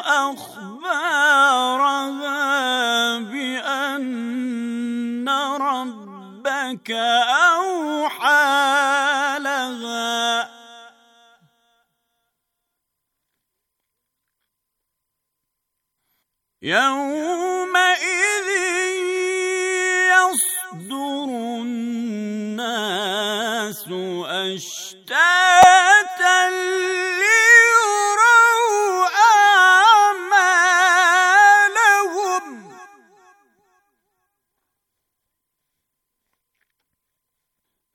أخبارها بأن ربك أوحى لها يومئذ يصدر الناس أشتاق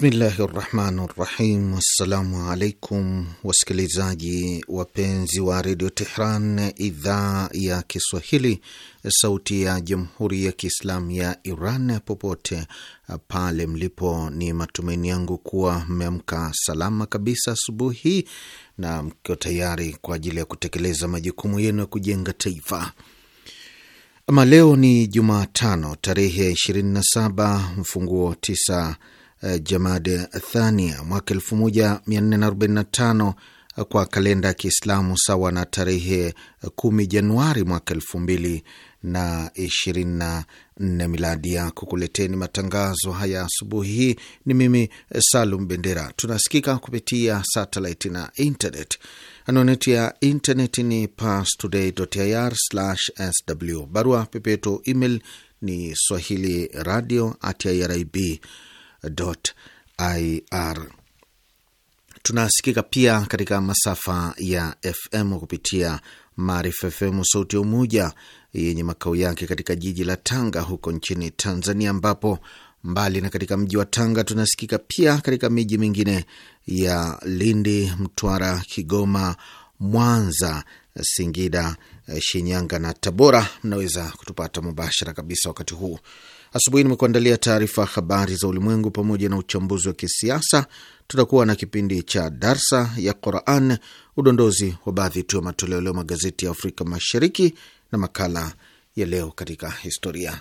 Bismillahi rahmani rahim. Assalamu alaikum wasikilizaji wapenzi wa redio Tehran, idhaa ya Kiswahili, sauti ya jamhuri ya kiislamu ya Iran, popote pale mlipo. Ni matumaini yangu kuwa mmeamka salama kabisa asubuhi hii na mkiwa tayari kwa ajili ya kutekeleza majukumu yenu ya kujenga taifa. Ama leo ni Jumatano tarehe 27 mfunguo 9 Eh, jamad Thania mwaka 1445 eh, kwa kalenda ya Kiislamu, sawa na tarehe 10 eh, Januari mwaka 2024 miladi. ya kukuleteni matangazo haya asubuhi hii ni mimi Salum Bendera. Tunasikika kupitia satellite na internet. Anwani ya internet ni parstoday.ir/sw, barua pepeto email ni swahili radio at irib ir. Tunasikika pia katika masafa ya FM kupitia Maarifa FM sauti ya Umoja yenye makao yake katika jiji la Tanga huko nchini Tanzania, ambapo mbali na katika mji wa Tanga tunasikika pia katika miji mingine ya Lindi, Mtwara, Kigoma, Mwanza, Singida, Shinyanga na Tabora. Mnaweza kutupata mubashara kabisa wakati huu Asubuhi nimekuandalia taarifa ya habari za ulimwengu pamoja na uchambuzi wa kisiasa. Tutakuwa na kipindi cha darsa ya Quran, udondozi wa baadhi tu ya matoleo leo magazeti ya Afrika Mashariki na makala ya leo katika historia.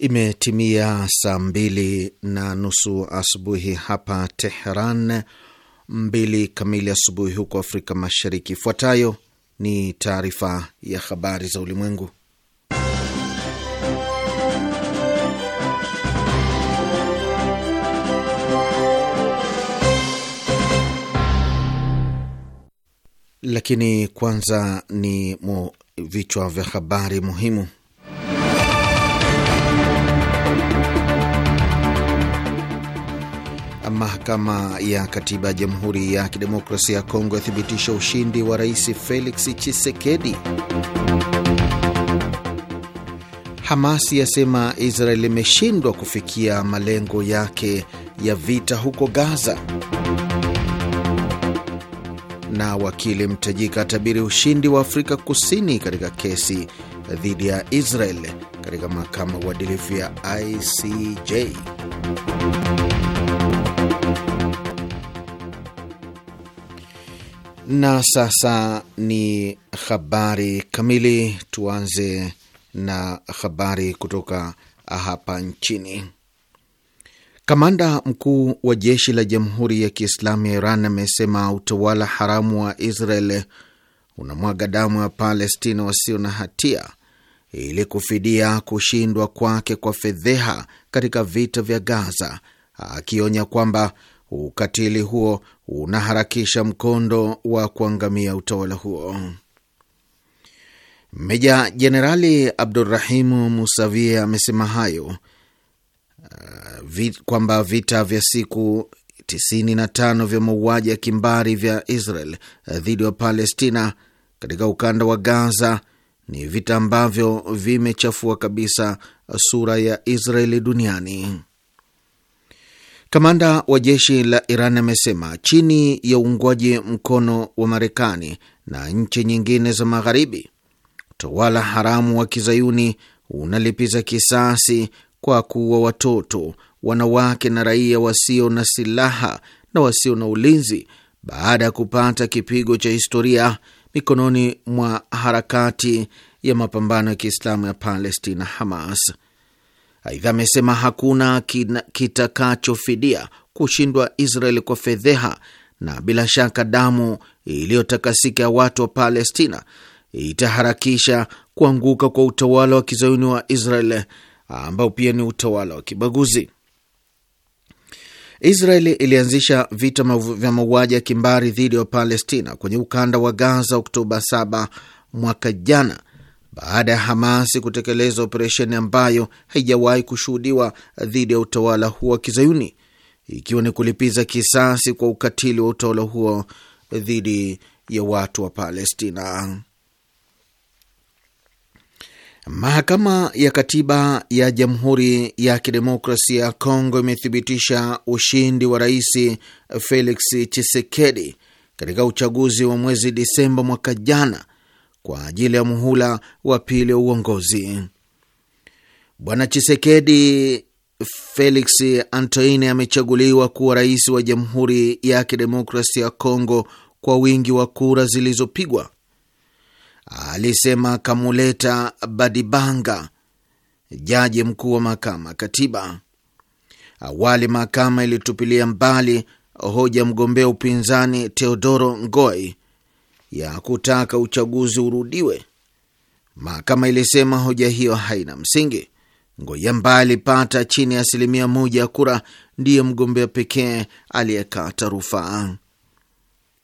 Imetimia saa mbili na nusu asubuhi hapa Tehran, mbili kamili asubuhi huko Afrika Mashariki. Ifuatayo ni taarifa ya habari za ulimwengu, lakini kwanza ni vichwa vya habari muhimu. Mahakama ya Katiba ya Jamhuri ya Kidemokrasia ya Kongo yathibitisha ushindi wa Rais Felix Chisekedi. Hamas yasema Israel imeshindwa kufikia malengo yake ya vita huko Gaza. Na wakili mtajika atabiri ushindi wa Afrika Kusini katika kesi dhidi ya Israel katika mahakama uadilifu ya ICJ. Na sasa ni habari kamili. Tuanze na habari kutoka hapa nchini. Kamanda mkuu wa jeshi la Jamhuri ya Kiislamu ya Iran amesema utawala haramu wa Israel unamwaga damu ya Palestina wasio na hatia ili kufidia kushindwa kwake kwa fedheha katika vita vya Gaza, akionya kwamba ukatili huo unaharakisha mkondo wa kuangamia utawala huo. Meja Jenerali Abdurahimu musavi amesema hayo uh, kwamba vita vya siku 95 vya mauaji ya kimbari vya Israel dhidi ya Palestina katika ukanda wa Gaza ni vita ambavyo vimechafua kabisa sura ya Israeli duniani. Kamanda wa jeshi la Iran amesema chini ya uungwaji mkono wa Marekani na nchi nyingine za Magharibi, utawala haramu wa kizayuni unalipiza kisasi kwa kuua watoto, wanawake na raia wasio na silaha na wasio na ulinzi baada ya kupata kipigo cha historia mikononi mwa harakati ya mapambano ya Kiislamu ya Palestina, Hamas. Aidha amesema hakuna kitakachofidia kushindwa israel kwa fedheha, na bila shaka damu iliyotakasika ya watu wa Palestina itaharakisha kuanguka kwa utawala wa kizayuni wa Israel ambao pia ni utawala wa kibaguzi. Israeli ilianzisha vita vya mauaji ya kimbari dhidi ya Palestina kwenye ukanda wa Gaza Oktoba 7 mwaka jana baada ya Hamasi kutekeleza operesheni ambayo haijawahi kushuhudiwa dhidi ya utawala huo wa Kizayuni, ikiwa ni kulipiza kisasi kwa ukatili wa utawala huo dhidi ya watu wa Palestina. Mahakama ya Katiba ya Jamhuri ya Kidemokrasia ya Kongo imethibitisha ushindi wa Rais Felix Tshisekedi katika uchaguzi wa mwezi Disemba mwaka jana kwa ajili ya muhula wa pili wa uongozi. Bwana Chisekedi Felix Antoine amechaguliwa kuwa rais wa Jamhuri ya Kidemokrasia ya Kongo kwa wingi wa kura zilizopigwa, alisema Kamuleta Badibanga, jaji mkuu wa mahakama katiba. Awali mahakama ilitupilia mbali hoja mgombea upinzani Teodoro Ngoi ya kutaka uchaguzi urudiwe. Mahakama ilisema hoja hiyo haina msingi. Ngoyamba alipata chini ya asilimia moja ya kura, ndiye mgombea pekee aliyekata rufaa.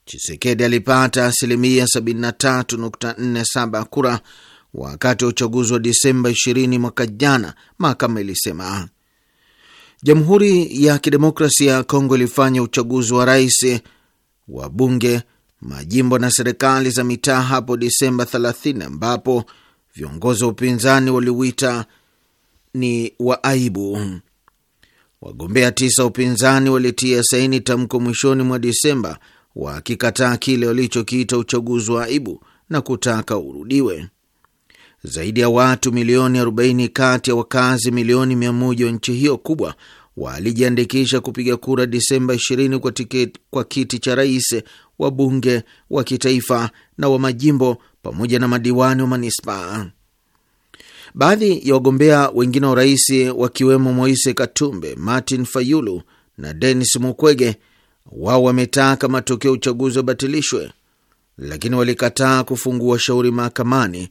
Chisekedi alipata asilimia 73.47 kura wakati wa uchaguzi wa Disemba 20 mwaka jana, mahakama ilisema. Jamhuri ya Kidemokrasia ya Kongo ilifanya uchaguzi wa rais, wa bunge majimbo na serikali za mitaa hapo Disemba 30 ambapo viongozi wa upinzani waliuita ni wa aibu. Wagombea tisa upinzani walitia saini tamko mwishoni mwa Disemba wakikataa kile walichokiita uchaguzi wa aibu na kutaka urudiwe. Zaidi ya watu milioni 40 kati ya wakazi milioni 100 wa nchi hiyo kubwa walijiandikisha kupiga kura Disemba 20 kwa tiketi kwa kiti cha rais, wabunge wa kitaifa na wa majimbo pamoja na madiwani wa manispaa. Baadhi ya wagombea wengine wa urais wakiwemo Moise Katumbe, Martin Fayulu na Denis Mukwege, wao wametaka matokeo ya uchaguzi wabatilishwe, lakini walikataa kufungua shauri mahakamani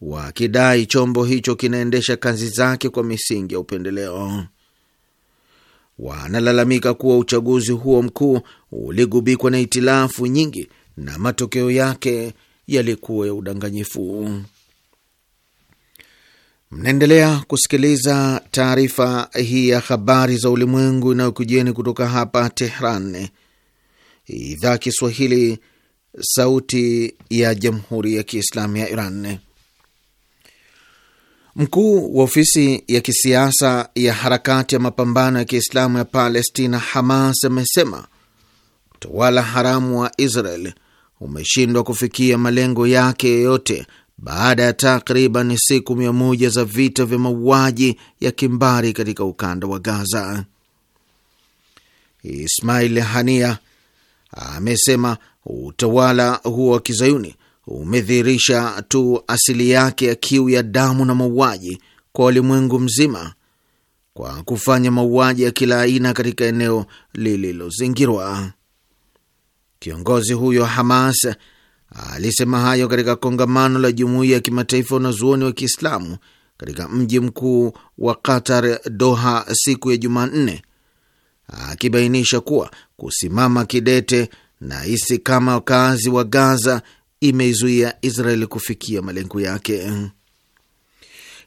wakidai chombo hicho kinaendesha kazi zake kwa misingi ya upendeleo wanalalamika kuwa uchaguzi huo mkuu uligubikwa na itilafu nyingi na matokeo yake yalikuwa ya udanganyifu. Mnaendelea kusikiliza taarifa hii ya habari za ulimwengu inayokujieni kutoka hapa Tehran, idhaa Kiswahili, sauti ya jamhuri ya kiislamu ya Iran. Mkuu wa ofisi ya kisiasa ya harakati ya mapambano ya Kiislamu ya Palestina, Hamas, amesema utawala haramu wa Israel umeshindwa kufikia malengo yake yoyote baada ya takriban siku mia moja za vita vya mauaji ya kimbari katika ukanda wa Gaza. Ismail Hania amesema utawala huo wa kizayuni umedhihirisha tu asili yake ya kiu ya damu na mauaji kwa ulimwengu mzima kwa kufanya mauaji ya kila aina katika eneo lililozingirwa. Kiongozi huyo Hamas alisema hayo katika kongamano la jumuiya ya kimataifa wanazuoni wa Kiislamu katika mji mkuu wa Qatar, Doha, siku ya Jumanne, akibainisha kuwa kusimama kidete na hisi kama wakazi wa Gaza imeizuia Israeli kufikia malengo yake.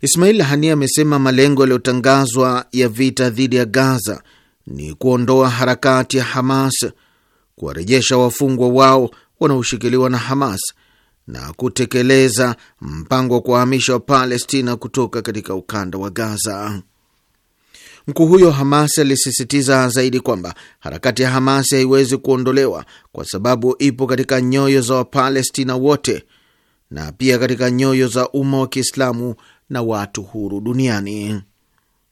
Ismail Hania amesema malengo yaliyotangazwa ya vita dhidi ya Gaza ni kuondoa harakati ya Hamas, kuwarejesha wafungwa wao wanaoshikiliwa na Hamas na kutekeleza mpango wa kuwahamisha Wapalestina kutoka katika ukanda wa Gaza. Mkuu huyo Hamas alisisitiza zaidi kwamba harakati ya Hamas haiwezi kuondolewa kwa sababu ipo katika nyoyo za Wapalestina wote na pia katika nyoyo za umma wa Kiislamu na watu huru duniani.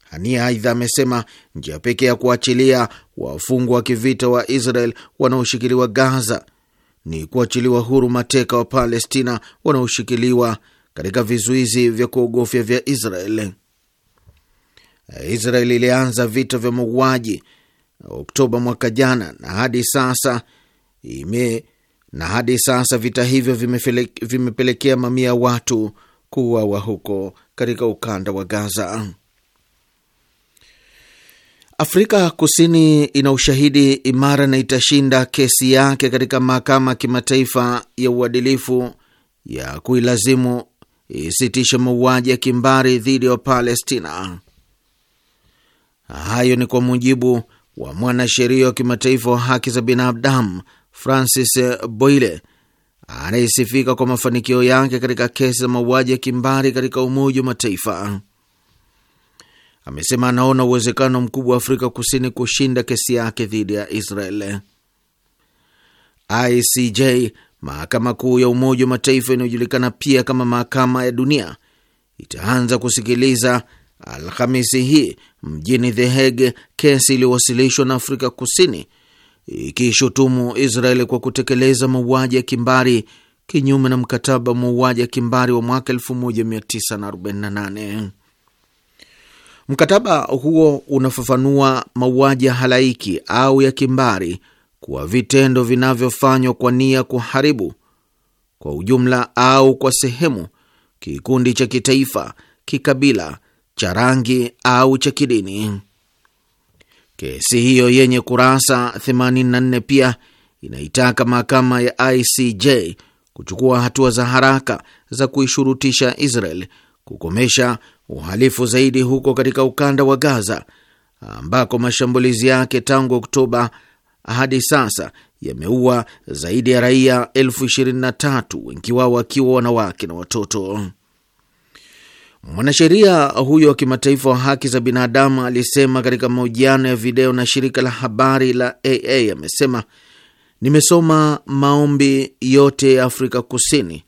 Hania aidha amesema njia pekee ya kuachilia wafungwa wa kivita wa Israel wanaoshikiliwa Gaza ni kuachiliwa huru mateka wa Palestina wanaoshikiliwa katika vizuizi vya kuogofya vya Israel. Eh, Israeli ilianza vita vya mauaji Oktoba mwaka jana na hadi sasa ime na hadi sasa vita hivyo vimepelekea mamia ya watu kuuawa huko katika ukanda wa Gaza. Afrika Kusini ina ushahidi imara na itashinda kesi yake katika mahakama ya kimataifa ya uadilifu ya kuilazimu isitishe mauaji ya kimbari dhidi ya Palestina. Hayo ni kwa mujibu wa mwanasheria wa kimataifa wa haki za binadamu Francis Boile anayesifika kwa mafanikio yake katika kesi za mauaji ya kimbari katika Umoja wa Mataifa. Amesema anaona uwezekano mkubwa wa Afrika Kusini kushinda kesi yake dhidi ya Israel. ICJ, mahakama kuu ya Umoja wa Mataifa inayojulikana pia kama Mahakama ya Dunia, itaanza kusikiliza Alhamisi hii mjini The Hague kesi iliyowasilishwa na Afrika Kusini ikishutumu Israeli kwa kutekeleza mauaji ya kimbari kinyume na mkataba wa mauaji ya kimbari wa mwaka 1948. Mkataba huo unafafanua mauaji ya halaiki au ya kimbari kuwa vitendo vinavyofanywa kwa nia kuharibu kwa ujumla au kwa sehemu kikundi cha kitaifa, kikabila cha rangi au cha kidini. Kesi hiyo yenye kurasa 84 pia inaitaka mahakama ya ICJ kuchukua hatua za haraka za kuishurutisha Israel kukomesha uhalifu zaidi huko katika ukanda wa Gaza ambako mashambulizi yake tangu Oktoba hadi sasa yameua zaidi ya raia elfu ishirini na tatu wengi wao wakiwa wanawake na watoto. Mwanasheria huyo wa kimataifa wa haki za binadamu alisema katika mahojiano ya video na shirika la habari la AA, amesema nimesoma maombi yote ya Afrika Kusini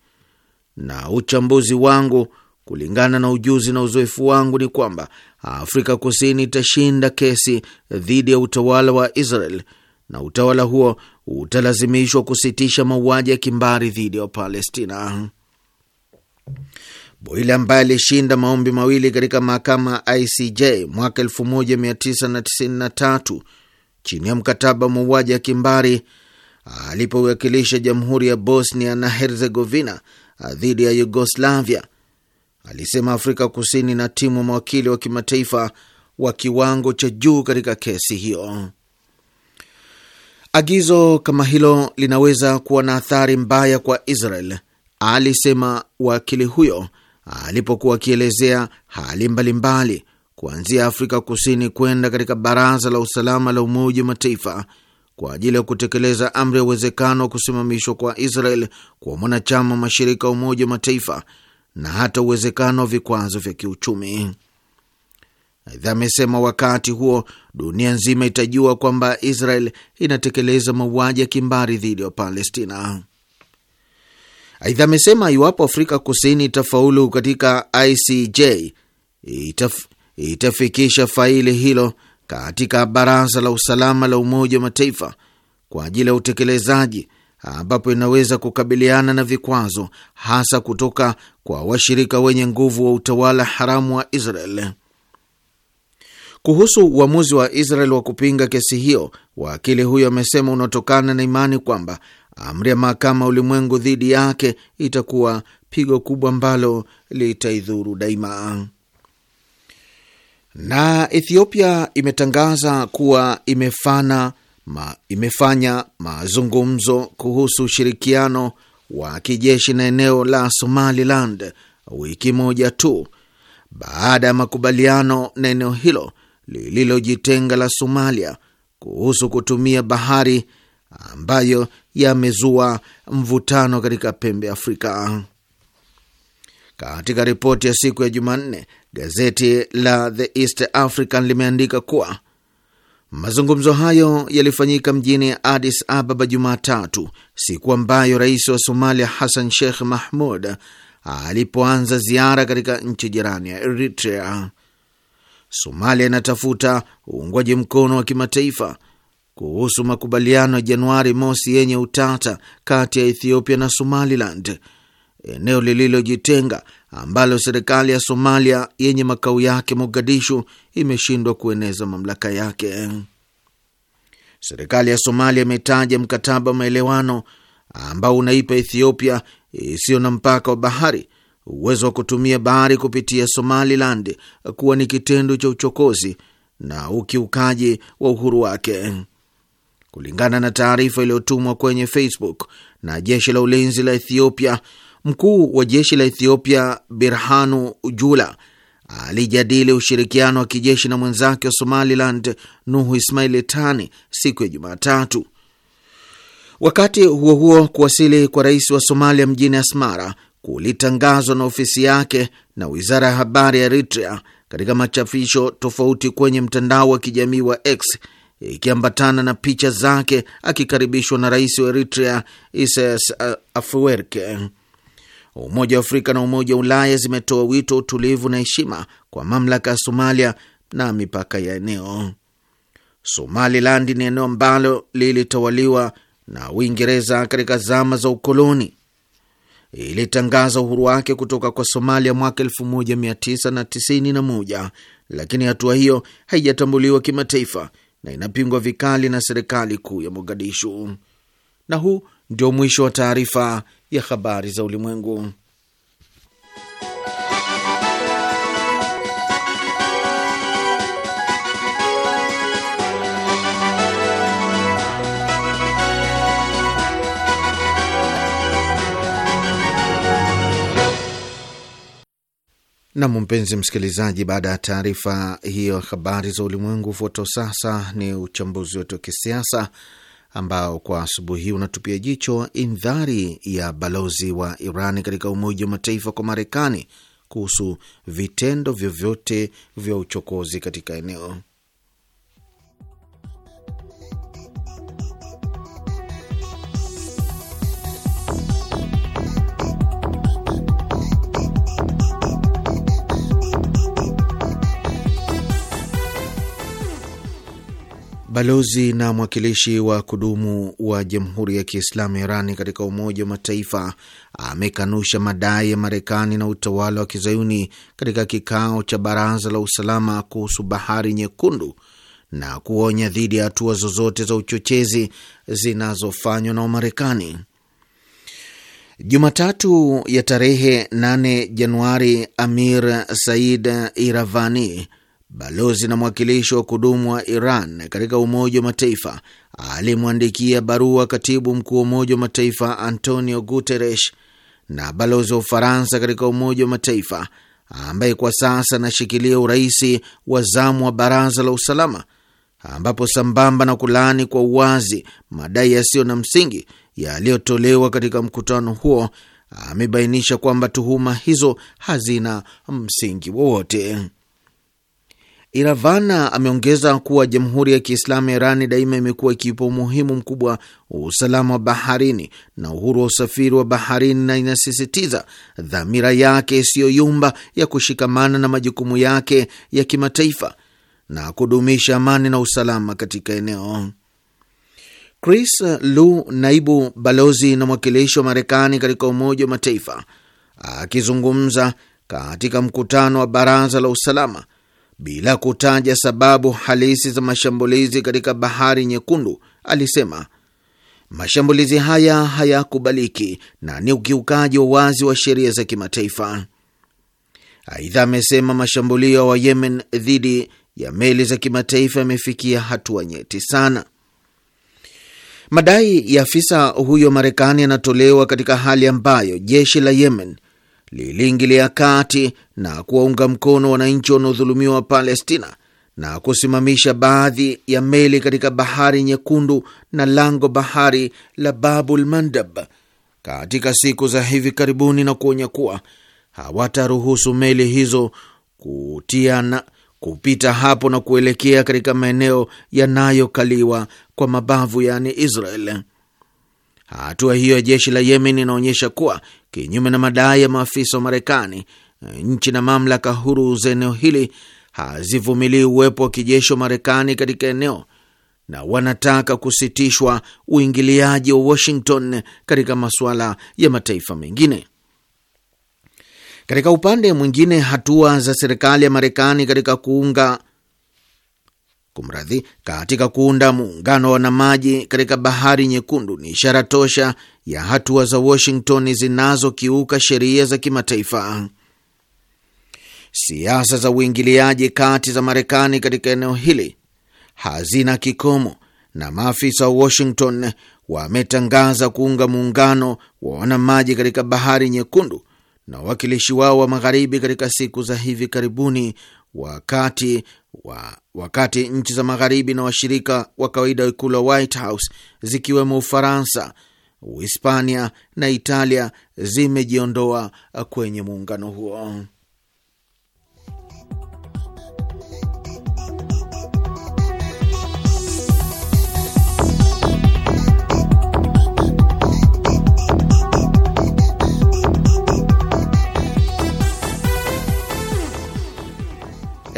na uchambuzi wangu kulingana na ujuzi na uzoefu wangu ni kwamba Afrika Kusini itashinda kesi dhidi ya utawala wa Israel na utawala huo utalazimishwa kusitisha mauaji ya kimbari dhidi ya Wapalestina. Boyle ambaye alishinda maombi mawili katika mahakama ya ICJ mwaka 1993 chini ya mkataba mauaji ya kimbari alipowakilisha jamhuri ya Bosnia na Herzegovina dhidi ya Yugoslavia alisema Afrika Kusini na timu mawakili wa kimataifa wa kiwango cha juu katika kesi hiyo. Agizo kama hilo linaweza kuwa na athari mbaya kwa Israel, alisema wakili huyo alipokuwa akielezea hali mbalimbali kuanzia Afrika Kusini kwenda katika Baraza la Usalama la Umoja wa Mataifa kwa ajili ya kutekeleza amri ya uwezekano wa kusimamishwa kwa Israel kwa mwanachama wa mashirika ya Umoja wa Mataifa na hata uwezekano wa vikwazo vya kiuchumi. Aidha amesema wakati huo dunia nzima itajua kwamba Israel inatekeleza mauaji ya kimbari dhidi ya Palestina. Aidha amesema iwapo Afrika Kusini itafaulu katika ICJ itaf, itafikisha faili hilo katika Baraza la Usalama la Umoja wa Mataifa kwa ajili ya utekelezaji, ambapo inaweza kukabiliana na vikwazo hasa kutoka kwa washirika wenye nguvu wa utawala haramu wa Israel. Kuhusu uamuzi wa Israel wa kupinga kesi hiyo, wakili huyo amesema unaotokana na imani kwamba amri ya mahakama ulimwengu dhidi yake itakuwa pigo kubwa ambalo litaidhuru daima. Na Ethiopia imetangaza kuwa imefana ma, imefanya mazungumzo kuhusu ushirikiano wa kijeshi na eneo la Somaliland wiki moja tu baada ya makubaliano na eneo hilo lililojitenga la Somalia kuhusu kutumia bahari ambayo yamezua mvutano katika pembe ya Afrika. Katika ripoti ya siku ya Jumanne, gazeti la The East African limeandika kuwa mazungumzo hayo yalifanyika mjini Addis Ababa Jumatatu, siku ambayo rais wa Somalia Hassan Sheikh Mahmud alipoanza ziara katika nchi jirani ya Eritrea. Somalia inatafuta uungwaji mkono wa kimataifa kuhusu makubaliano ya Januari mosi yenye utata kati ya Ethiopia na Somaliland, eneo lililojitenga ambalo serikali ya Somalia yenye makao yake Mogadishu imeshindwa kueneza mamlaka yake. Serikali ya Somalia imetaja mkataba wa maelewano ambao unaipa Ethiopia isiyo na mpaka wa bahari uwezo wa kutumia bahari kupitia Somaliland kuwa ni kitendo cha uchokozi na ukiukaji wa uhuru wake kulingana na taarifa iliyotumwa kwenye Facebook na jeshi la ulinzi la Ethiopia. Mkuu wa jeshi la Ethiopia Birhanu Jula alijadili ushirikiano wa kijeshi na mwenzake wa Somaliland Nuhu Ismail Tani siku ya Jumatatu. Wakati huo huo, kuwasili kwa rais wa Somalia mjini Asmara kulitangazwa na ofisi yake na wizara ya habari ya Eritrea katika machapisho tofauti kwenye mtandao wa kijamii wa X ikiambatana na picha zake akikaribishwa na rais wa Eritrea Isaias uh, Afwerki. Umoja wa Afrika na Umoja wa Ulaya zimetoa wito wa utulivu na heshima kwa mamlaka ya Somalia na mipaka ya eneo. Somaliland ni eneo ambalo lilitawaliwa na Uingereza katika zama za ukoloni. Ilitangaza uhuru wake kutoka kwa Somalia mwaka 1991 lakini hatua hiyo haijatambuliwa kimataifa na inapingwa vikali na serikali kuu ya Mogadishu. Na huu ndio mwisho wa taarifa ya habari za ulimwengu. Nam, mpenzi msikilizaji, baada ya taarifa hiyo habari za ulimwengu, foto sasa ni uchambuzi wetu wa kisiasa ambao kwa asubuhi hii unatupia jicho indhari ya balozi wa Iran katika Umoja wa Mataifa kwa Marekani kuhusu vitendo vyovyote vya uchokozi katika eneo. Balozi na mwakilishi wa kudumu wa Jamhuri ya Kiislamu Irani katika Umoja wa Mataifa amekanusha madai ya Marekani na utawala wa kizayuni katika kikao cha Baraza la Usalama kuhusu Bahari Nyekundu na kuonya dhidi ya hatua zozote za uchochezi zinazofanywa na Wamarekani. Jumatatu ya tarehe 8 Januari, Amir Said Iravani balozi na mwakilishi wa kudumu wa Iran katika Umoja wa Mataifa alimwandikia barua katibu mkuu wa Umoja wa Mataifa Antonio Guterres na balozi wa Ufaransa katika Umoja wa Mataifa ambaye kwa sasa anashikilia urais wa zamu wa Baraza la Usalama, ambapo sambamba na kulaani kwa uwazi madai yasiyo na msingi yaliyotolewa katika mkutano huo amebainisha kwamba tuhuma hizo hazina msingi wowote. Iravana ameongeza kuwa Jamhuri ya Kiislamu ya Irani daima imekuwa ikiipa umuhimu mkubwa usalama wa baharini na uhuru wa usafiri wa baharini na inasisitiza dhamira yake isiyoyumba ya kushikamana na majukumu yake ya kimataifa na kudumisha amani na usalama katika eneo. Chris Lu, naibu balozi na mwakilishi wa Marekani katika Umoja wa Mataifa, akizungumza katika mkutano wa Baraza la Usalama bila kutaja sababu halisi za mashambulizi katika Bahari Nyekundu, alisema mashambulizi haya hayakubaliki na ni ukiukaji wa wazi wa sheria za kimataifa. Aidha, amesema mashambulio wa Yemen dhidi ya meli za kimataifa yamefikia hatua nyeti sana. Madai ya afisa huyo Marekani yanatolewa katika hali ambayo jeshi la Yemen liliingilia kati na kuwaunga mkono wananchi wanaodhulumiwa wa Palestina na kusimamisha baadhi ya meli katika bahari Nyekundu na lango bahari la Babul Mandab katika siku za hivi karibuni na kuonya kuwa hawataruhusu meli hizo kutia na kupita hapo na kuelekea katika maeneo yanayokaliwa kwa mabavu yaani Israel. Hatua hiyo ya jeshi la Yemen inaonyesha kuwa kinyume na madai ya maafisa wa Marekani, nchi na mamlaka huru za eneo hili hazivumilii uwepo wa kijeshi wa Marekani katika eneo na wanataka kusitishwa uingiliaji wa Washington katika masuala ya mataifa mengine. Katika upande mwingine, hatua za serikali ya Marekani katika kuunga kumradhi, katika kuunda muungano wa wanamaji katika bahari nyekundu ni ishara tosha ya hatua za Washington zinazokiuka sheria za kimataifa. Siasa za uingiliaji kati za Marekani katika eneo hili hazina kikomo, na maafisa wa Washington wametangaza kuunga muungano wa wanamaji katika bahari nyekundu na wawakilishi wao wa magharibi katika siku za hivi karibuni, wakati wa wakati nchi za magharibi na washirika wa kawaida wa ikulu wa White House zikiwemo Ufaransa, Uhispania na Italia zimejiondoa kwenye muungano huo.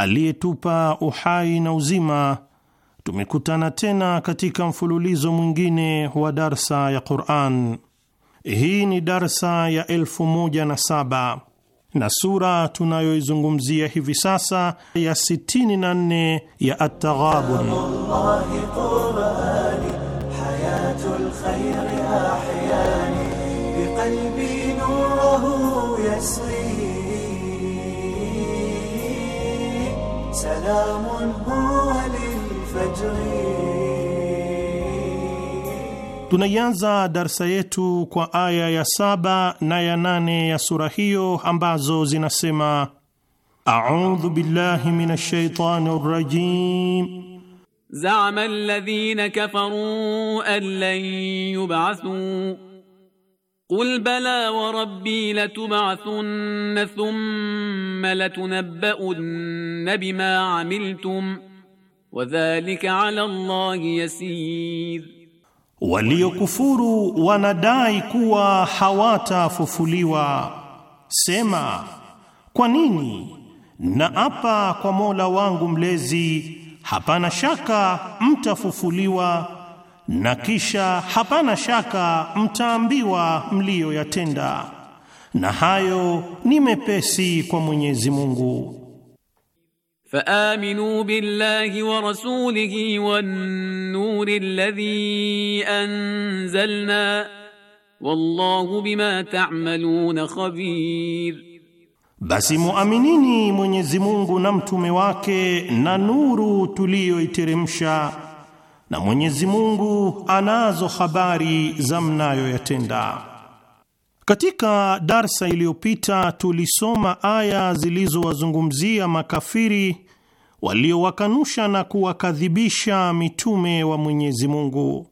aliyetupa uhai na uzima, tumekutana tena katika mfululizo mwingine wa darsa ya Qur'an. Hii ni darsa ya elfu moja na saba na sura tunayoizungumzia hivi sasa ya 64 ya At-Taghabun. سلام هو للفجر Tunaianza darsa yetu kwa aya ya saba na ya nane ya sura hiyo ambazo zinasema: audhu billahi minash shaitani rajim zama alladhina kafaru an lan yub'athu قل بلى وربي لتبعثن ثم لتنبؤن بما عملتم وذلك على الله يسير waliokufuru wanadai kuwa hawatafufuliwa sema kwa nini na apa kwa Mola wangu mlezi hapana shaka mtafufuliwa na kisha hapana shaka mtaambiwa mliyoyatenda, na hayo ni mepesi kwa Mwenyezi Mungu. Faaminu billahi wa rasulihi wan nuri alladhi anzalna wallahu bima ta'maluna khabir, basi muaminini Mwenyezi Mungu na mtume wake na nuru tuliyoiteremsha na Mwenyezi Mungu anazo habari za mnayoyatenda. Katika darsa iliyopita tulisoma aya zilizowazungumzia makafiri waliowakanusha na kuwakadhibisha mitume wa Mwenyezi Mungu.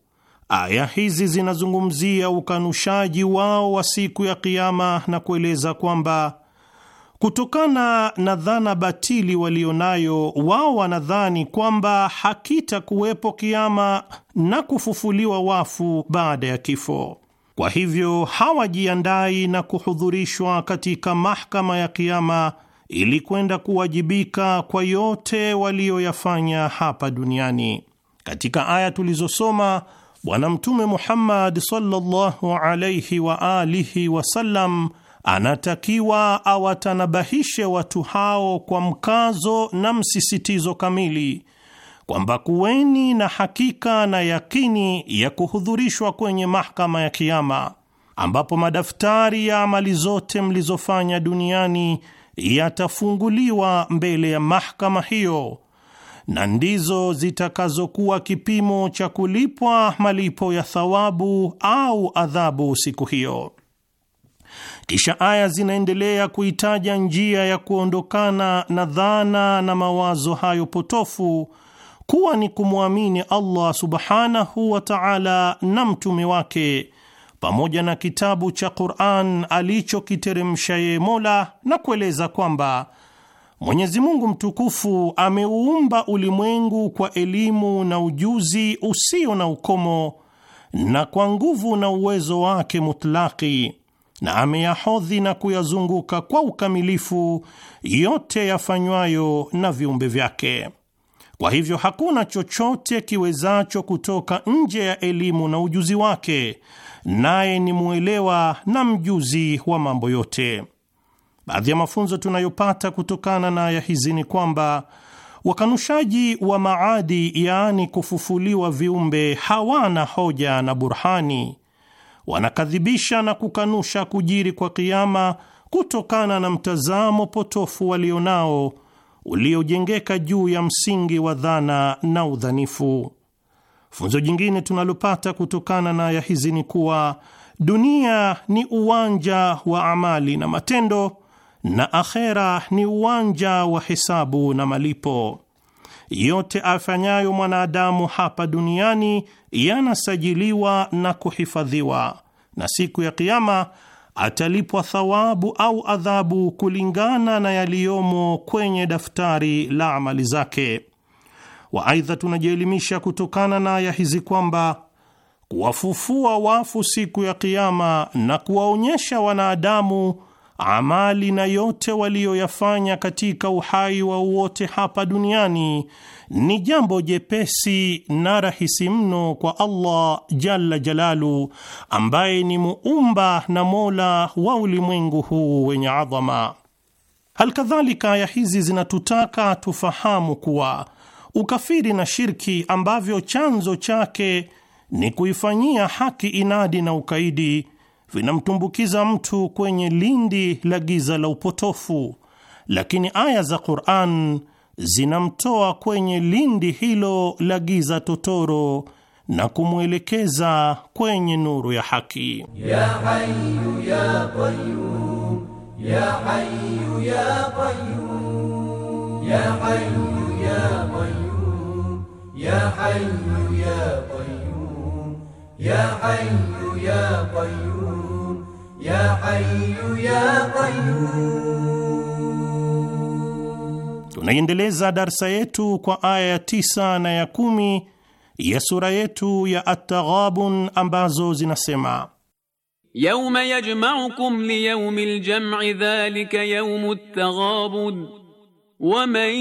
Aya hizi zinazungumzia ukanushaji wao wa siku ya Kiama na kueleza kwamba Kutokana na dhana batili walionayo wao, wanadhani kwamba hakitakuwepo kiama na kufufuliwa wafu baada ya kifo. Kwa hivyo hawajiandai na kuhudhurishwa katika mahakama ya kiama ili kwenda kuwajibika kwa yote waliyoyafanya hapa duniani. Katika aya tulizosoma, Bwana Mtume Muhammad sallallahu alayhi wa alihi wasallam anatakiwa awatanabahishe watu hao kwa mkazo na msisitizo kamili kwamba kuweni na hakika na yakini ya kuhudhurishwa kwenye mahakama ya Kiama, ambapo madaftari ya amali zote mlizofanya duniani yatafunguliwa mbele ya mahakama hiyo, na ndizo zitakazokuwa kipimo cha kulipwa malipo ya thawabu au adhabu siku hiyo. Kisha aya zinaendelea kuitaja njia ya kuondokana na dhana na mawazo hayo potofu kuwa ni kumwamini Allah subhanahu wa ta'ala na mtume wake pamoja na kitabu cha Qur'an alichokiteremsha yeye Mola, na kueleza kwamba Mwenyezi Mungu mtukufu ameuumba ulimwengu kwa elimu na ujuzi usio na ukomo na kwa nguvu na uwezo wake mutlaki na ameyahodhi na kuyazunguka kwa ukamilifu yote yafanywayo na viumbe vyake. Kwa hivyo hakuna chochote kiwezacho kutoka nje ya elimu na ujuzi wake, naye ni mwelewa na mjuzi wa mambo yote. Baadhi ya mafunzo tunayopata kutokana na aya hizi ni kwamba wakanushaji wa maadi, yaani kufufuliwa viumbe, hawana hoja na burhani wanakadhibisha na kukanusha kujiri kwa kiama kutokana na mtazamo potofu walionao uliojengeka juu ya msingi wa dhana na udhanifu. Funzo jingine tunalopata kutokana na aya hizi ni kuwa dunia ni uwanja wa amali na matendo na akhera ni uwanja wa hesabu na malipo. Yote afanyayo mwanadamu hapa duniani yanasajiliwa na kuhifadhiwa, na siku ya Kiama atalipwa thawabu au adhabu kulingana na yaliyomo kwenye daftari la amali zake. wa Aidha, tunajielimisha kutokana na aya hizi kwamba kuwafufua wafu siku ya Kiama na kuwaonyesha wanadamu amali na yote waliyoyafanya katika uhai wa wote hapa duniani ni jambo jepesi na rahisi mno kwa Allah jalla jalalu, ambaye ni muumba na mola wa ulimwengu huu wenye adhama. alkadhalika aya hizi zinatutaka tufahamu kuwa ukafiri na shirki ambavyo chanzo chake ni kuifanyia haki inadi na ukaidi vinamtumbukiza mtu kwenye lindi la giza la upotofu, lakini aya za Qur'an zinamtoa kwenye lindi hilo la giza totoro na kumwelekeza kwenye nuru ya haki. Ya hayu ya Qayyum, ya hayu ya Qayyum, ya hayu ya Qayyum, ya Hayyu ya Qayyum, ya Hayyu ya Qayyum ya hayyu ya qayyum. Tunaiendeleza darsa yetu kwa aya ya tisa na ya kumi ya sura yetu ya At-Taghabun ambazo zinasema Yawma yajma'ukum li jam'i dhalika yawmut taghabun ومن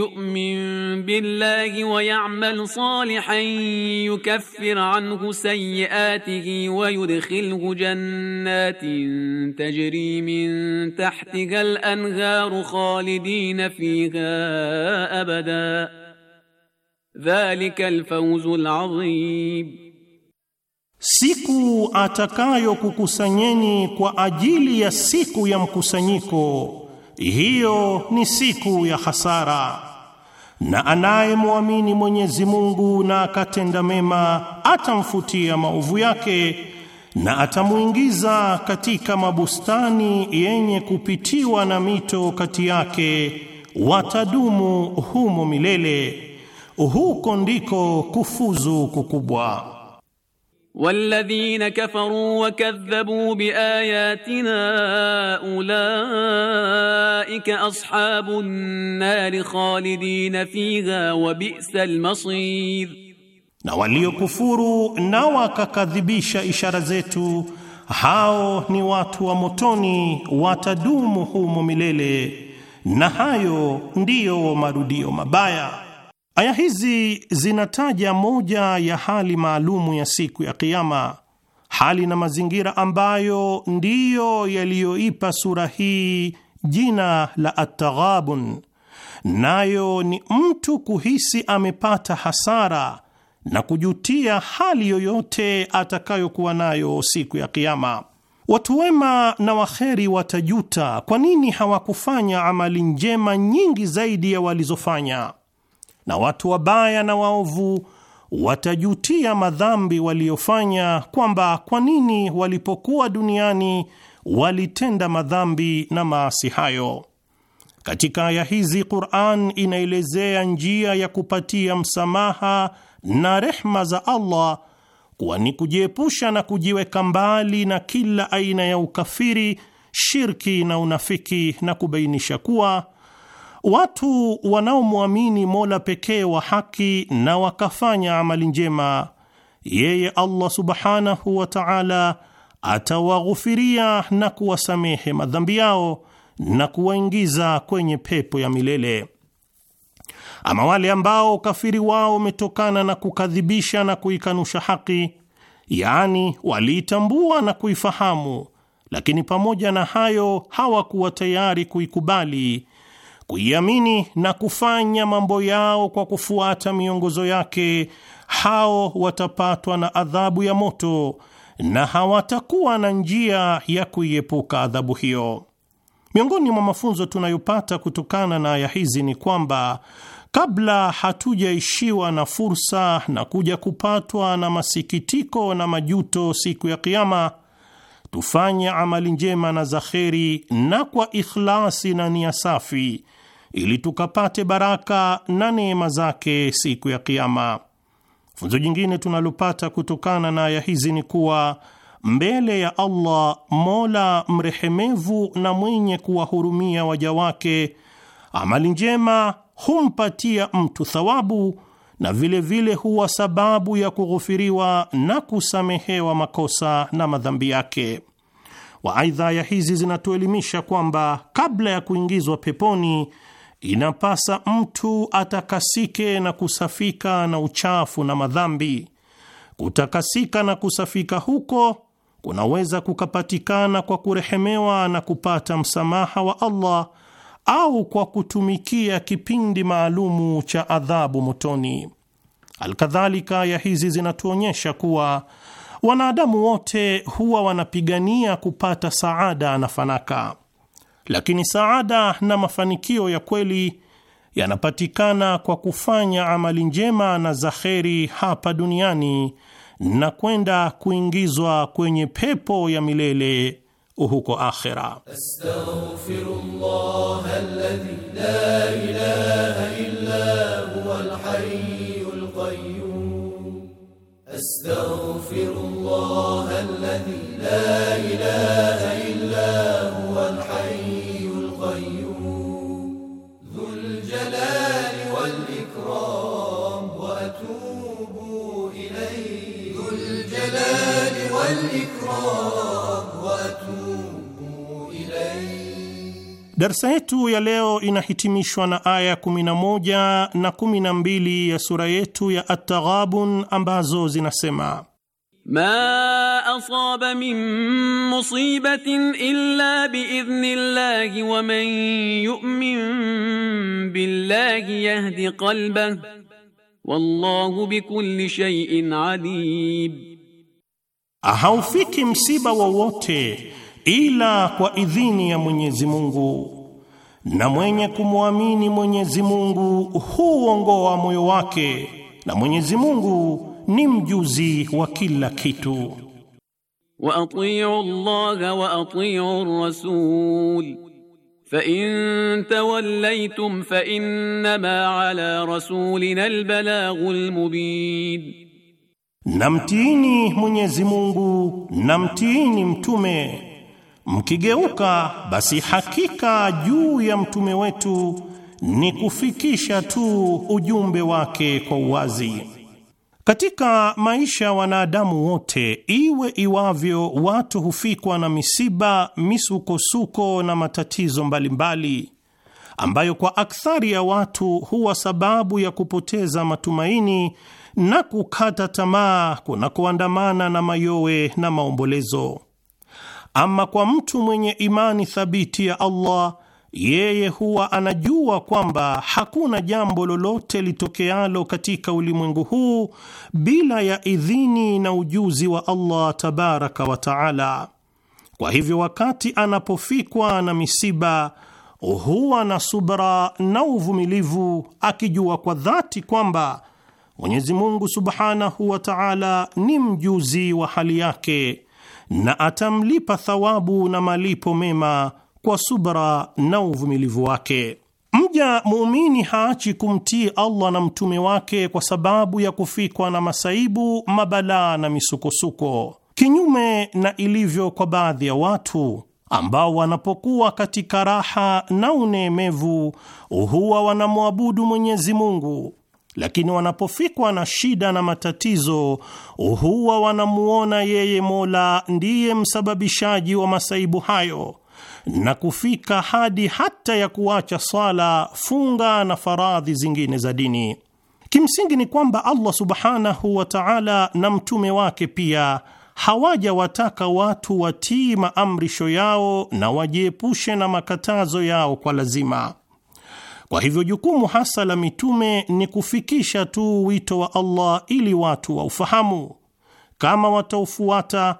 يؤمن بالله ويعمل صالحا يكفر عنه سيئاته ويدخله جنات تجري من تحتها الانهار خالدين فيها ابدا ذلك الفوز العظيم siku atakayokukusanyeni kwa ajili ya siku ya mkusanyiko hiyo ni siku ya hasara. Na anayemwamini Mwenyezi Mungu na akatenda mema, atamfutia maovu yake na atamwingiza katika mabustani yenye kupitiwa na mito kati yake, watadumu humo milele. Huko ndiko kufuzu kukubwa. والذين كفروا وكذبوا باياتنا اولئك اصحاب النار خالدين فيها وبئس المصير na waliokufuru na wakakadhibisha ishara zetu hao ni watu wa motoni watadumu humo milele na hayo ndiyo marudio mabaya Aya hizi zinataja moja ya hali maalumu ya siku ya Kiama, hali na mazingira ambayo ndiyo yaliyoipa sura hii jina la ataghabun, nayo ni mtu kuhisi amepata hasara na kujutia hali yoyote atakayokuwa nayo siku ya Kiama. Watu wema na waheri watajuta kwa nini hawakufanya amali njema nyingi zaidi ya walizofanya na watu wabaya na waovu watajutia madhambi waliyofanya, kwamba kwa nini walipokuwa duniani walitenda madhambi na maasi hayo. Katika aya hizi Qur'an inaelezea njia ya kupatia msamaha na rehma za Allah, kuwa ni kujiepusha na kujiweka mbali na kila aina ya ukafiri, shirki na unafiki, na kubainisha kuwa Watu wanaomwamini Mola pekee wa haki na wakafanya amali njema, yeye Allah subhanahu wa ta'ala atawaghufiria na kuwasamehe madhambi yao na kuwaingiza kwenye pepo ya milele. Ama wale ambao ukafiri wao umetokana na kukadhibisha na kuikanusha haki, yaani waliitambua na kuifahamu, lakini pamoja na hayo hawakuwa tayari kuikubali kuiamini na kufanya mambo yao kwa kufuata miongozo yake, hao watapatwa na adhabu ya moto na hawatakuwa na njia ya kuiepuka adhabu hiyo. Miongoni mwa mafunzo tunayopata kutokana na aya hizi ni kwamba kabla hatujaishiwa na fursa na kuja kupatwa na masikitiko na majuto siku ya Kiama, tufanye amali njema na za kheri na kwa ikhlasi na nia safi ili tukapate baraka na neema zake siku ya Kiama. Funzo jingine tunalopata kutokana na aya hizi ni kuwa mbele ya Allah, mola mrehemevu na mwenye kuwahurumia waja wake, amali njema humpatia mtu thawabu na vilevile vile huwa sababu ya kughufiriwa na kusamehewa makosa na madhambi yake. Waaidha, aya hizi zinatuelimisha kwamba kabla ya kuingizwa peponi inapasa mtu atakasike na kusafika na uchafu na madhambi. Kutakasika na kusafika huko kunaweza kukapatikana kwa kurehemewa na kupata msamaha wa Allah au kwa kutumikia kipindi maalumu cha adhabu motoni. Alkadhalika, ya hizi zinatuonyesha kuwa wanadamu wote huwa wanapigania kupata saada na fanaka. Lakini saada na mafanikio ya kweli yanapatikana kwa kufanya amali njema na za kheri hapa duniani na kwenda kuingizwa kwenye pepo ya milele huko akhera. Astaghfirullah alladhi la ilaha illa huwa al-hayy الجلال والإكرام وأتوب إليه ذو الجلال والإكرام Darsa yetu ya leo inahitimishwa na aya 11 na 12 ya sura yetu ya At-Taghabun ambazo zinasema ما أصاب من مصيبة إلا بإذن الله ومن يؤمن بالله يهد قلبه والله بكل شيء عليم haufiki msiba wowote ila kwa idhini ya Mwenyezi Mungu na mwenye kumwamini Mwenyezi Mungu huongoa moyo wake na Mwenyezi Mungu ni mjuzi wa kila kitu. Wa atiiu Allah wa atiiu Rasul fa in tawallaytum fa ma ala rasulina albalaghul mubin, na Mwenyezi Mungu na mtiini mtume Mkigeuka basi hakika juu ya mtume wetu ni kufikisha tu ujumbe wake kwa uwazi. Katika maisha ya wanadamu wote, iwe iwavyo, watu hufikwa na misiba, misukosuko na matatizo mbalimbali mbali, ambayo kwa akthari ya watu huwa sababu ya kupoteza matumaini na kukata tamaa kunakoandamana na mayowe na maombolezo. Ama kwa mtu mwenye imani thabiti ya Allah yeye huwa anajua kwamba hakuna jambo lolote litokealo katika ulimwengu huu bila ya idhini na ujuzi wa Allah tabaraka wa taala. Kwa hivyo, wakati anapofikwa na misiba huwa na subra na uvumilivu, akijua kwa dhati kwamba Mwenyezi Mungu subhanahu wa taala ni mjuzi wa hali yake na atamlipa thawabu na malipo mema kwa subra na uvumilivu wake. Mja muumini haachi kumtii Allah na mtume wake kwa sababu ya kufikwa na masaibu, mabalaa na misukosuko, kinyume na ilivyo kwa baadhi ya watu ambao wanapokuwa katika raha na uneemevu huwa wanamwabudu Mwenyezi Mungu, lakini wanapofikwa na shida na matatizo huwa wanamuona yeye Mola ndiye msababishaji wa masaibu hayo na kufika hadi hata ya kuacha swala funga na faradhi zingine za dini. Kimsingi ni kwamba Allah subhanahu wa ta'ala na mtume wake pia hawajawataka watu watii maamrisho yao na wajiepushe na makatazo yao kwa lazima. Kwa hivyo jukumu hasa la mitume ni kufikisha tu wito wa Allah ili watu waufahamu. Kama wataufuata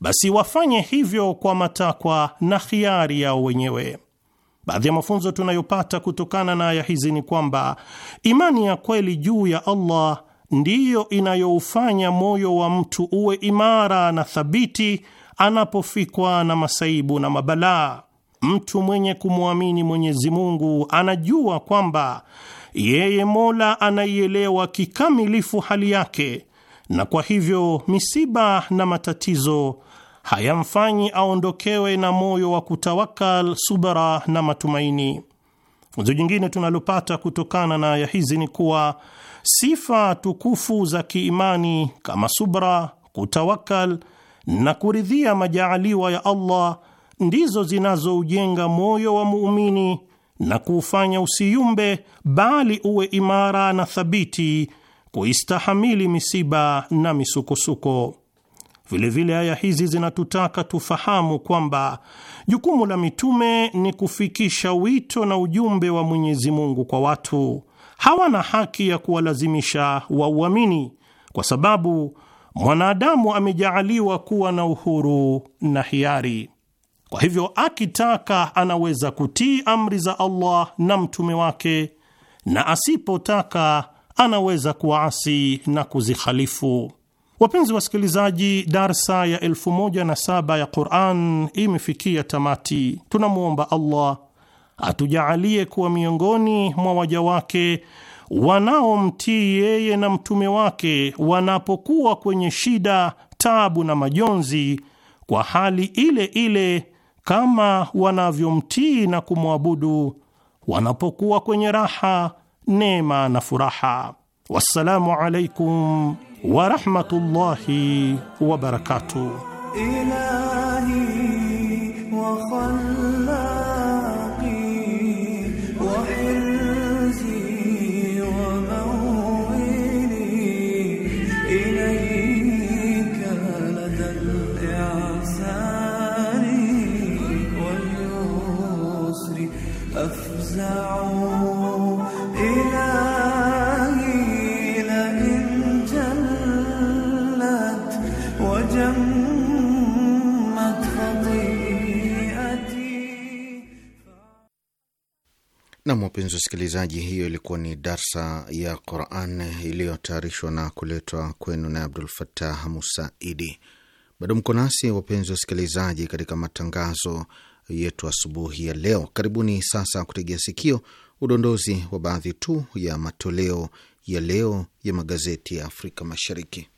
basi wafanye hivyo kwa matakwa na khiari yao wenyewe. Baadhi ya mafunzo tunayopata kutokana na aya hizi ni kwamba imani ya kweli juu ya Allah ndiyo inayoufanya moyo wa mtu uwe imara na thabiti anapofikwa na masaibu na mabalaa. Mtu mwenye kumwamini Mwenyezi Mungu anajua kwamba yeye Mola anaielewa kikamilifu hali yake, na kwa hivyo misiba na matatizo hayamfanyi aondokewe na moyo wa kutawakal, subra na matumaini. Funzo jingine tunalopata kutokana na aya hizi ni kuwa sifa tukufu za kiimani kama subra, kutawakal na kuridhia majaaliwa ya Allah ndizo zinazoujenga moyo wa muumini na kuufanya usiyumbe, bali uwe imara na thabiti kuistahamili misiba na misukosuko. Vilevile aya hizi zinatutaka tufahamu kwamba jukumu la mitume ni kufikisha wito na ujumbe wa Mwenyezi Mungu kwa watu. Hawana haki ya kuwalazimisha wauamini, kwa sababu mwanadamu amejaaliwa kuwa na uhuru na hiari. Kwa hivyo, akitaka anaweza kutii amri za Allah na mtume wake, na asipotaka anaweza kuwaasi na kuzikhalifu. Wapenzi wasikilizaji, darsa ya elfu moja na saba ya Quran imefikia tamati. Tunamwomba Allah atujaalie kuwa miongoni mwa waja wake wanaomtii yeye na mtume wake wanapokuwa kwenye shida, tabu na majonzi, kwa hali ile ile kama wanavyomtii na kumwabudu wanapokuwa kwenye raha, neema na furaha. Wassalamu alaikum ورحمة الله وبركاته إلهي وخلق Nam, wapenzi wasikilizaji, hiyo ilikuwa ni darsa ya Quran iliyotayarishwa na kuletwa kwenu na Abdul Fatah Musaidi. Bado mko nasi wapenzi wasikilizaji, katika matangazo yetu asubuhi ya leo. Karibuni sasa kutegea sikio udondozi wa baadhi tu ya matoleo ya leo ya magazeti ya Afrika Mashariki.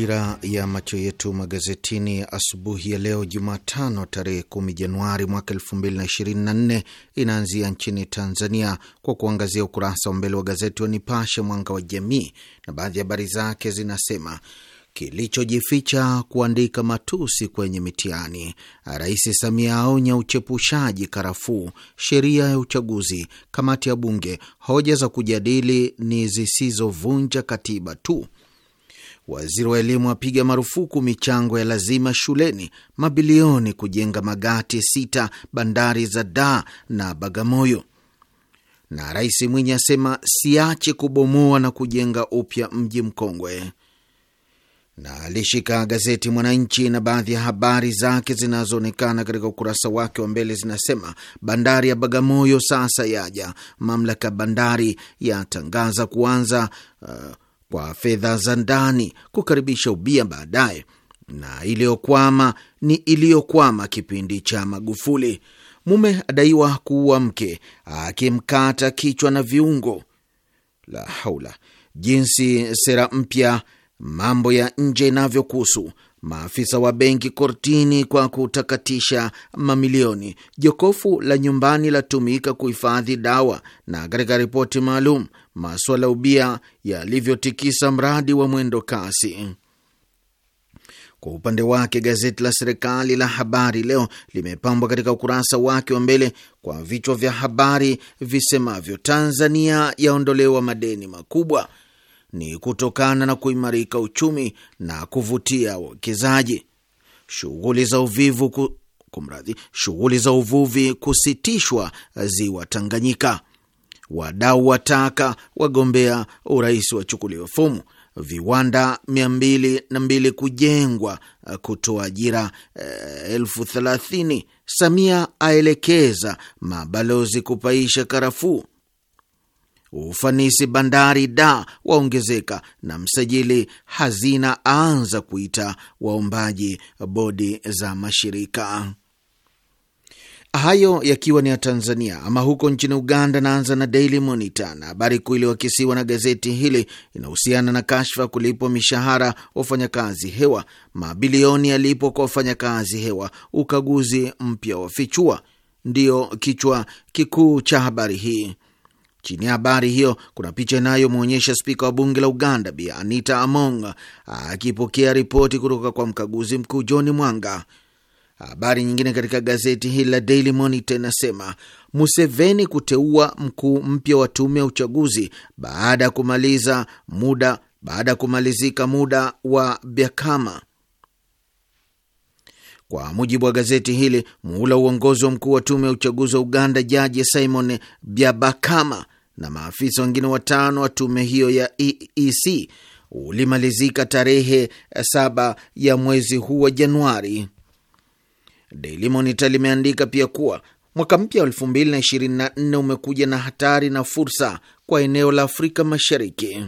dira ya macho yetu magazetini asubuhi ya leo Jumatano tarehe 10 Januari mwaka 2024 inaanzia nchini Tanzania kwa kuangazia ukurasa wa mbele wa gazeti wa Nipashe Mwanga wa Jamii, na baadhi ya habari zake zinasema kilichojificha kuandika matusi kwenye mitihani, Rais Samia aonya uchepushaji karafuu, sheria ya uchaguzi, kamati ya bunge, hoja za kujadili ni zisizovunja katiba tu Waziri wa elimu apiga marufuku michango ya lazima shuleni, mabilioni kujenga magati sita bandari za Dar na Bagamoyo, na Rais Mwinyi asema siache kubomoa na kujenga upya mji mkongwe. Na alishika gazeti Mwananchi na baadhi ya habari zake zinazoonekana katika ukurasa wake wa mbele zinasema: bandari ya Bagamoyo sasa yaja, mamlaka bandari yatangaza kuanza uh, kwa fedha za ndani kukaribisha ubia baadaye, na iliyokwama ni iliyokwama kipindi cha Magufuli. Mume adaiwa kuua mke akimkata kichwa na viungo. La haula! Jinsi sera mpya mambo ya nje inavyokuhusu maafisa wa benki kortini kwa kutakatisha mamilioni. Jokofu la nyumbani latumika kuhifadhi dawa, na katika ripoti maalum maswala ubia yalivyotikisa mradi wa mwendo kasi. Kwa upande wake gazeti la serikali la Habari Leo limepambwa katika ukurasa wake wa mbele kwa vichwa vya habari visemavyo: Tanzania yaondolewa madeni makubwa, ni kutokana na kuimarika uchumi na kuvutia wawekezaji; shughuli za uvivu ku, kumradhi, shughuli za uvuvi kusitishwa ziwa Tanganyika; Wadau wataka wagombea urais wachukuliwe fomu. Viwanda mia mbili na mbili kujengwa eh, kutoa ajira eh, elfu thelathini. Samia aelekeza mabalozi kupaisha karafuu. Ufanisi bandari da waongezeka, na msajili hazina aanza kuita waombaji bodi za mashirika. Hayo yakiwa ni ya Tanzania. Ama huko nchini Uganda, naanza na Daily Monitor na habari kuu iliyoakisiwa na gazeti hili inahusiana na kashfa kulipwa mishahara wafanyakazi hewa. Mabilioni yalipwa kwa wafanyakazi hewa, ukaguzi mpya wafichua, ndiyo kichwa kikuu cha habari hii. Chini ya habari hiyo kuna picha inayomwonyesha spika wa bunge la Uganda Bi Anita Among akipokea ripoti kutoka kwa mkaguzi mkuu John Mwanga. Habari nyingine katika gazeti hili la Daily Monitor inasema Museveni kuteua mkuu mpya wa tume ya uchaguzi baada ya kumaliza muda baada ya kumalizika muda wa Byakama. Kwa mujibu wa gazeti hili, muula uongozi wa mkuu wa tume ya uchaguzi wa Uganda Jaji Simon Byabakama na maafisa wengine watano wa tume hiyo ya EEC ulimalizika tarehe saba ya mwezi huu wa Januari. Daily Monitor limeandika pia kuwa mwaka mpya wa 2024 umekuja na hatari na fursa kwa eneo la Afrika Mashariki.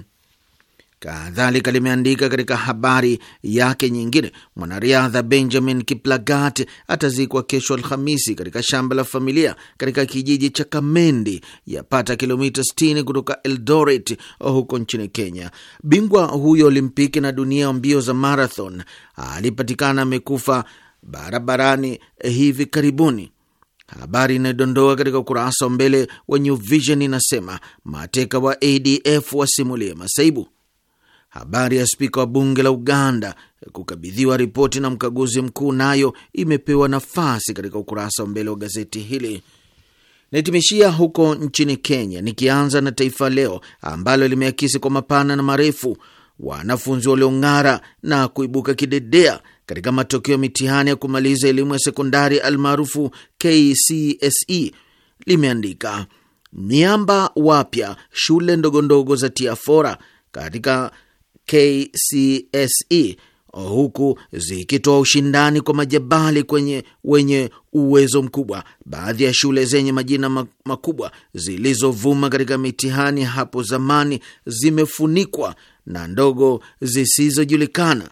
Kadhalika limeandika katika habari yake nyingine, mwanariadha Benjamin Kiplagat atazikwa kesho Alhamisi katika shamba la familia katika kijiji cha Kamendi, yapata kilomita 60 kutoka Eldoret huko nchini Kenya. Bingwa huyo Olimpiki na dunia wa mbio za marathon alipatikana amekufa barabarani eh, hivi karibuni. Habari inayodondoa katika ukurasa wa mbele wa New Vision inasema mateka wa ADF wasimulia masaibu. Habari ya spika wa bunge la Uganda eh, kukabidhiwa ripoti na mkaguzi mkuu nayo imepewa nafasi katika ukurasa wa mbele wa gazeti hili. Naitimishia huko nchini Kenya, nikianza na Taifa Leo ambalo limeakisi kwa mapana na marefu wanafunzi waliong'ara na kuibuka kidedea katika matokeo ya mitihani ya kumaliza elimu ya sekondari almaarufu KCSE limeandika miamba wapya shule ndogondogo za Tiafora katika KCSE huku zikitoa ushindani kwa majabali kwenye wenye uwezo mkubwa. Baadhi ya shule zenye majina makubwa zilizovuma katika mitihani hapo zamani zimefunikwa na ndogo zisizojulikana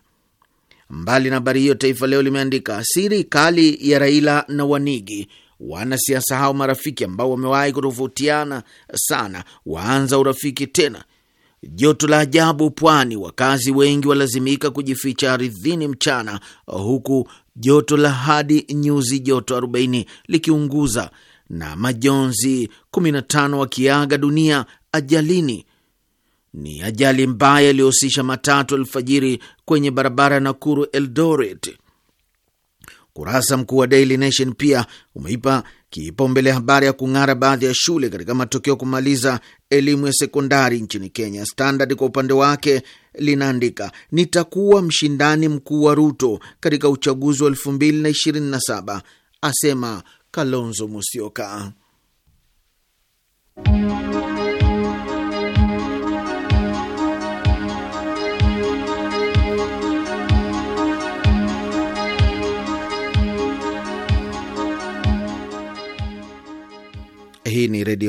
Mbali na habari hiyo, Taifa Leo limeandika siri kali ya Raila na Wanigi, wanasiasa hao marafiki ambao wamewahi kutofautiana sana waanza urafiki tena. Joto la ajabu pwani, wakazi wengi walazimika kujificha ardhini mchana, huku joto la hadi nyuzi joto 40 likiunguza na majonzi 15 wakiaga dunia ajalini ni ajali mbaya iliyohusisha matatu alfajiri kwenye barabara ya Nakuru Eldoret. Kurasa mkuu wa Daily Nation pia umeipa kipaumbele habari ya kung'ara baadhi ya shule katika matokeo kumaliza elimu ya sekondari nchini Kenya. Standard kwa upande wake linaandika nitakuwa mshindani mkuu wa Ruto katika uchaguzi wa 2027 asema Kalonzo Musyoka.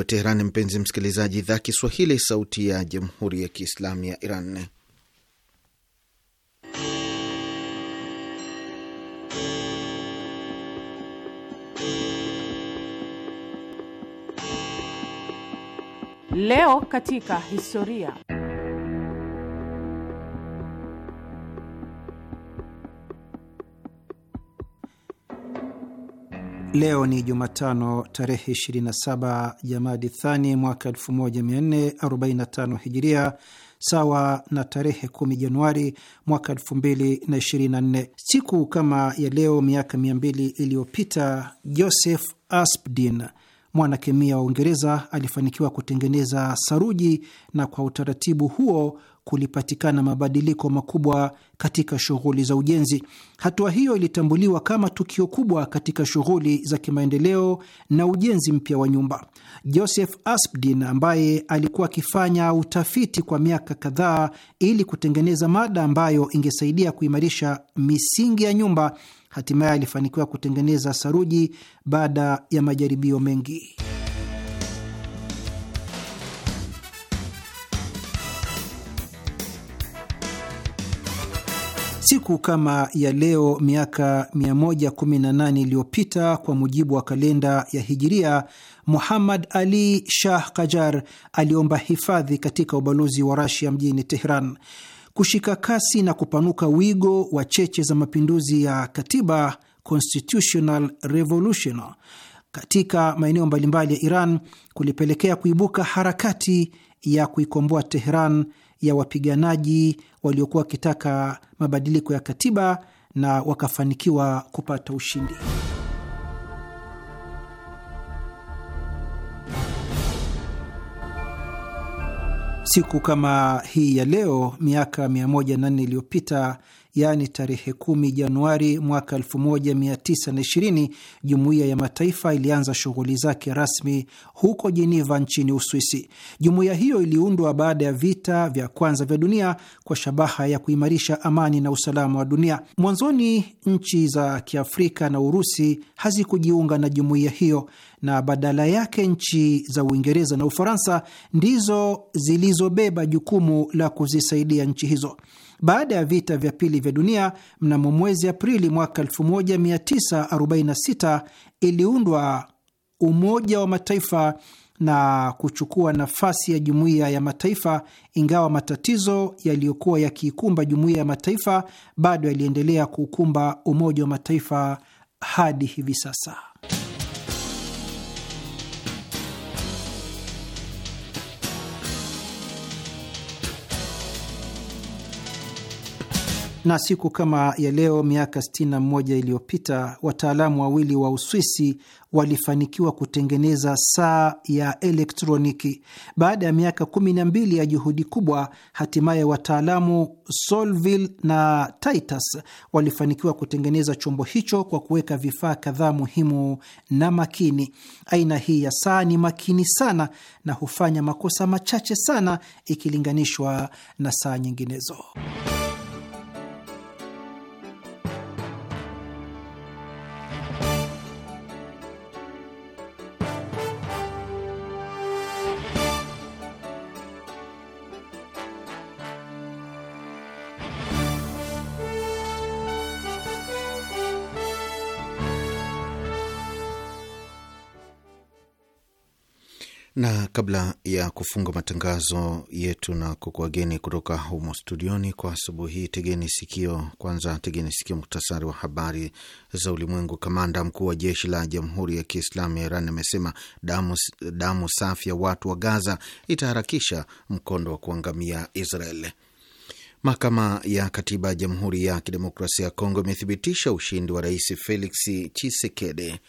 Teheran. Mpenzi msikilizaji, idhaa Kiswahili, sauti ya jamhuri ya kiislamu ya Iran. Leo katika historia Leo ni Jumatano tarehe 27 Jamadi Thani mwaka 1445 Hijiria, sawa na tarehe 10 Januari mwaka 2024. Siku kama ya leo miaka 200 iliyopita Joseph Aspdin mwanakemia wa Uingereza alifanikiwa kutengeneza saruji na kwa utaratibu huo kulipatikana mabadiliko makubwa katika shughuli za ujenzi. Hatua hiyo ilitambuliwa kama tukio kubwa katika shughuli za kimaendeleo na ujenzi mpya wa nyumba. Joseph Aspdin ambaye alikuwa akifanya utafiti kwa miaka kadhaa ili kutengeneza mada ambayo ingesaidia kuimarisha misingi ya nyumba, hatimaye alifanikiwa kutengeneza saruji baada ya majaribio mengi. Siku kama ya leo miaka 118 iliyopita kwa mujibu wa kalenda ya Hijiria, Muhammad Ali Shah Kajar aliomba hifadhi katika ubalozi wa Rasia mjini Teheran. Kushika kasi na kupanuka wigo wa cheche za mapinduzi ya katiba, Constitutional Revolution, katika maeneo mbalimbali ya Iran kulipelekea kuibuka harakati ya kuikomboa Teheran ya wapiganaji waliokuwa wakitaka mabadiliko ya katiba na wakafanikiwa kupata ushindi. Siku kama hii ya leo miaka 104 iliyopita yaani tarehe 10 Januari mwaka 1920 jumuiya ya mataifa ilianza shughuli zake rasmi huko Jeneva nchini Uswisi. Jumuiya hiyo iliundwa baada ya vita vya kwanza vya dunia kwa shabaha ya kuimarisha amani na usalama wa dunia. Mwanzoni nchi za Kiafrika na Urusi hazikujiunga na jumuiya hiyo na badala yake nchi za Uingereza na Ufaransa ndizo zilizobeba jukumu la kuzisaidia nchi hizo baada ya vita vya pili vya dunia. Mnamo mwezi Aprili mwaka 1946 iliundwa Umoja wa Mataifa na kuchukua nafasi ya Jumuiya ya Mataifa, ingawa matatizo yaliyokuwa yakiikumba Jumuiya ya Mataifa bado yaliendelea kuukumba Umoja wa Mataifa hadi hivi sasa. Na siku kama ya leo miaka 61 iliyopita wataalamu wawili wa Uswisi walifanikiwa kutengeneza saa ya elektroniki. Baada ya miaka 12 mbili ya juhudi kubwa, hatimaye wataalamu Solville na Titus walifanikiwa kutengeneza chombo hicho kwa kuweka vifaa kadhaa muhimu na makini. Aina hii ya saa ni makini sana na hufanya makosa machache sana ikilinganishwa na saa nyinginezo. na kabla ya kufunga matangazo yetu na kukuageni kutoka humo studioni kwa asubuhi hii, tegeni sikio kwanza, tegeni sikio muktasari wa habari za ulimwengu. Kamanda mkuu wa jeshi la Jamhuri ya Kiislamu ya Iran amesema damu, damu safi ya watu wa Gaza itaharakisha mkondo wa kuangamia israel Mahakama ya Katiba ya Jamhuri ya Kidemokrasia ya Kongo imethibitisha ushindi wa Rais Felix chisekede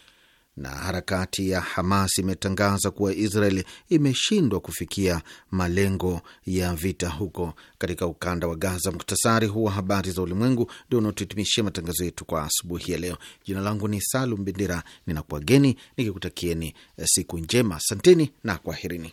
na harakati ya Hamas imetangaza kuwa Israel imeshindwa kufikia malengo ya vita huko katika ukanda wa Gaza. Muktasari huu wa habari za ulimwengu ndio unaotuhitimishia matangazo yetu kwa asubuhi ya leo. Jina langu ni Salum Bendera, ninakuwageni nikikutakieni siku njema. Asanteni na kwaherini.